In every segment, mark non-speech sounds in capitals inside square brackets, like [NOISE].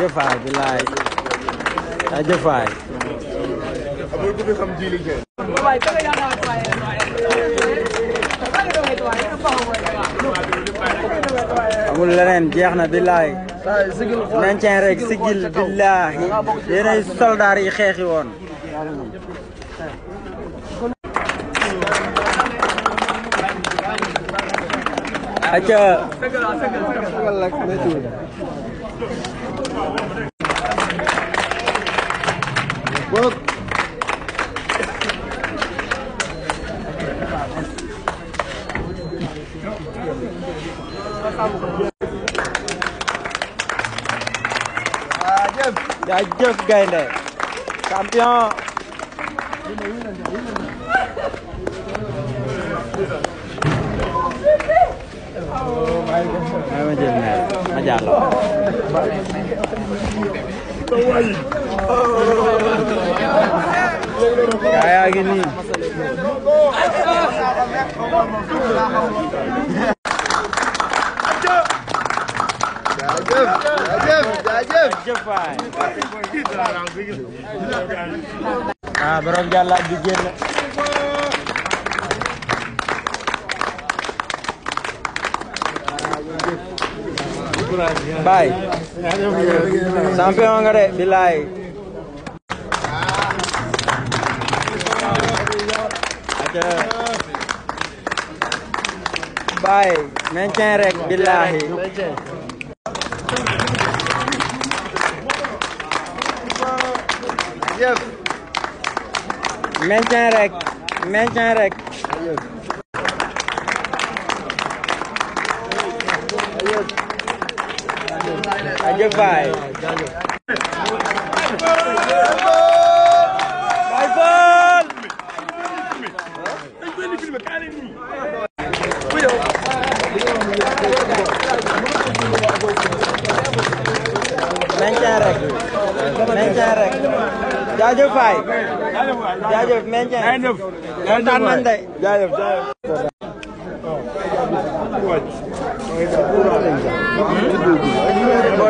jaajëf waay bilaay jaajëf waay. amul leneen jeex na bilaay. nañ cee rek sigil bilaay yéenay soldats yi xeexi woon. acca jaajëf gaynde champion waaye ma jël meer ma jàlloo. gaa yaa ngi nii. ah borom jàllaat bi génn. Baye champion nga de bilaay rek bilaay maintien rek jaajëf baay jaajëf waay jaajëf meññ jaajëf kontaan nañ de jaajëf jaajëf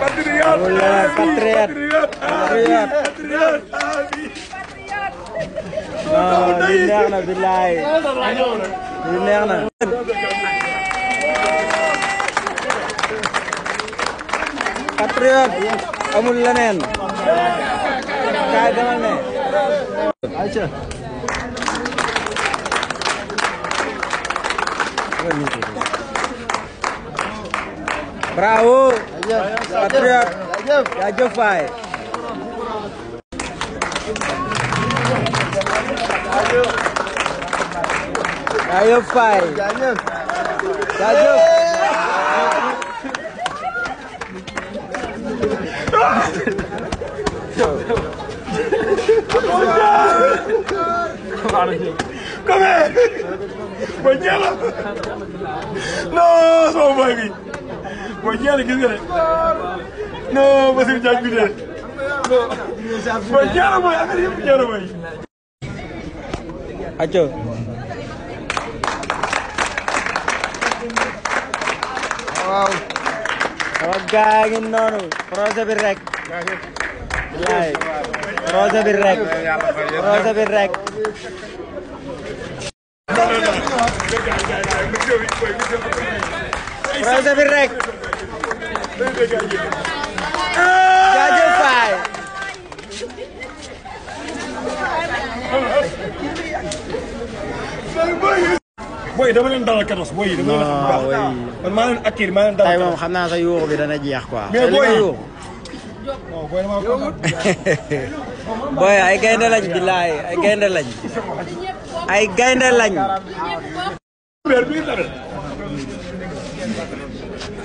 patriote patriote non bi neex na billaay bi neex na patriote amul leneen kaay demal ne aca Thank you. bravo patriote jaajëf waay jaajëf waay jaajëf Come here! But yellow! No, somebody! mooy ñaari gis nga de bi de mooy ñaara mooy affaire yëpp ñaara mooy. acca. waaw. sama bi rek. yaay bi rek. projet bi rek. jaajëf booy dama leen dalal kanos xam baax man jeex quoi mais booy booy [LAUGHS] ay gaynde lañ bilaay ay gaynde lañ ay gaynde lañ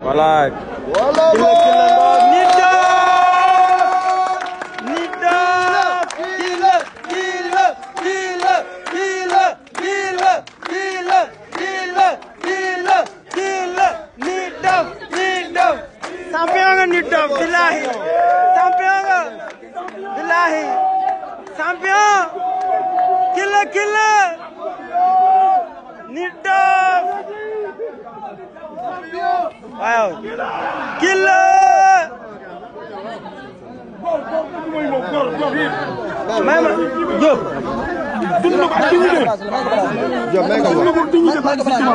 voilà. may ma Diop. dund ko ak dignité. Diop may ko dund ko dignité ba ci ma.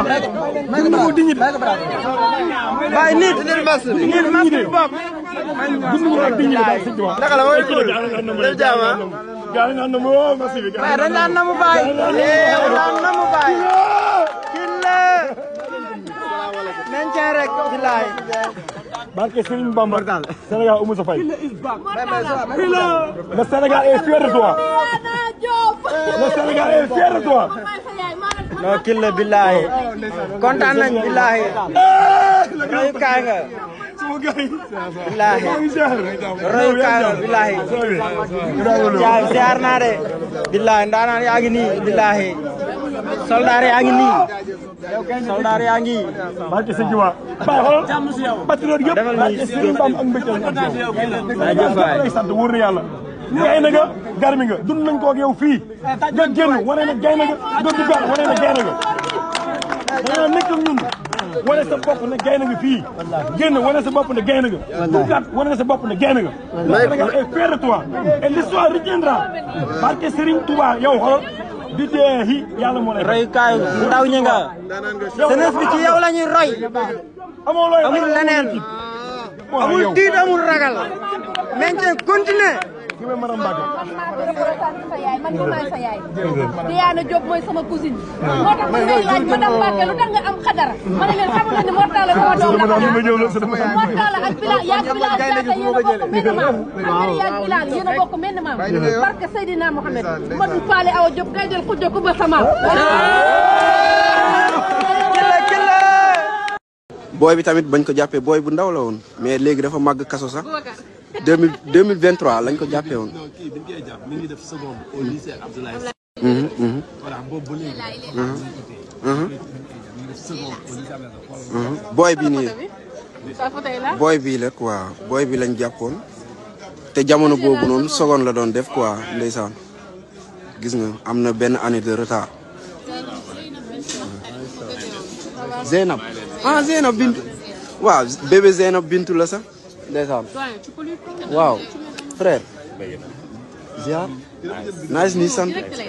dund ko dignité. waaye nit nit mas bi nit mas bi bopp. dund ko ak dignité ba ci ma. naka la mooy dund def jaama. gaa yi naan na mu woo mas bi. mais dañ naan na mu bàyyi. dañ naan na mu bàyyi. kii la. nañ cee rek. bilaay. barke Serigne Bamba Sénégal amul sa fay. le Sénégal est billaahi oh, kontaan nañu billaahi. Eh, royu kaay billaahi royu kaay billaahi. jaar naa billaahi ndaanaan yaa billaahi. soldaar yaa ngi nii soldaar yaa ngi. barke sëñ Tuubaa. bàyyi xool patriote yëpp. barke sëñ Bamba am mbégte lañ sant wóor na yàlla. gay na nga garmi nga dund nañ koog yow fii nga génn wane na gay na nga nga duggaat wane na gay na nga. dañoo nekk sa bopp na nga fii génn wane sa bopp na nga. duggaat wane na sa bopp ne gay na nga. Sénégal est fier de toi et barke Serigne Touba yow xool. billaahi yàlla moo lay roy kaay ndaw ñi nga jeunesse bi ci yow la ñuy roy amul leneen amul tiit amul ragal nañ ki may madame Mbacke. maa ngi représenté sa yaay man maay sa yaay. Diana Diop mooy sama cousine. Ah. moo tax man ngay laaj madame Mbacke lu tax nga am xadara. ma ne leen xamu leen ne Mortala sama doom la xadara. Mortala ak Bilal yaa ngi Bilal Diatta yéen a bokk benn maam. am na yaa ngi Bilal yéen a bokk benn maam. parce que Seydina Mohamed ma du faale awa Diop ngay jël ku jokk ba sa maam. booy bi tamit bañ ko jàppee booy bu ndaw la woon mais léegi dafa màgg kaso sax deux mille deux vingt trois lañ ko jàppee woon. Mhm, mhm. voilà boobu ba léegi. Mhm. booy bi nii. booy bii la bi lañ jàppoon. te jamono boobu noon seconde la doon def quoi ndeysaan. gis nga am na benn année de retard. Zeynab ah Zeynab Bintu waaw bébé Zeynab Bintu la sax. ndeysaan waaw frère ziar nice ni sant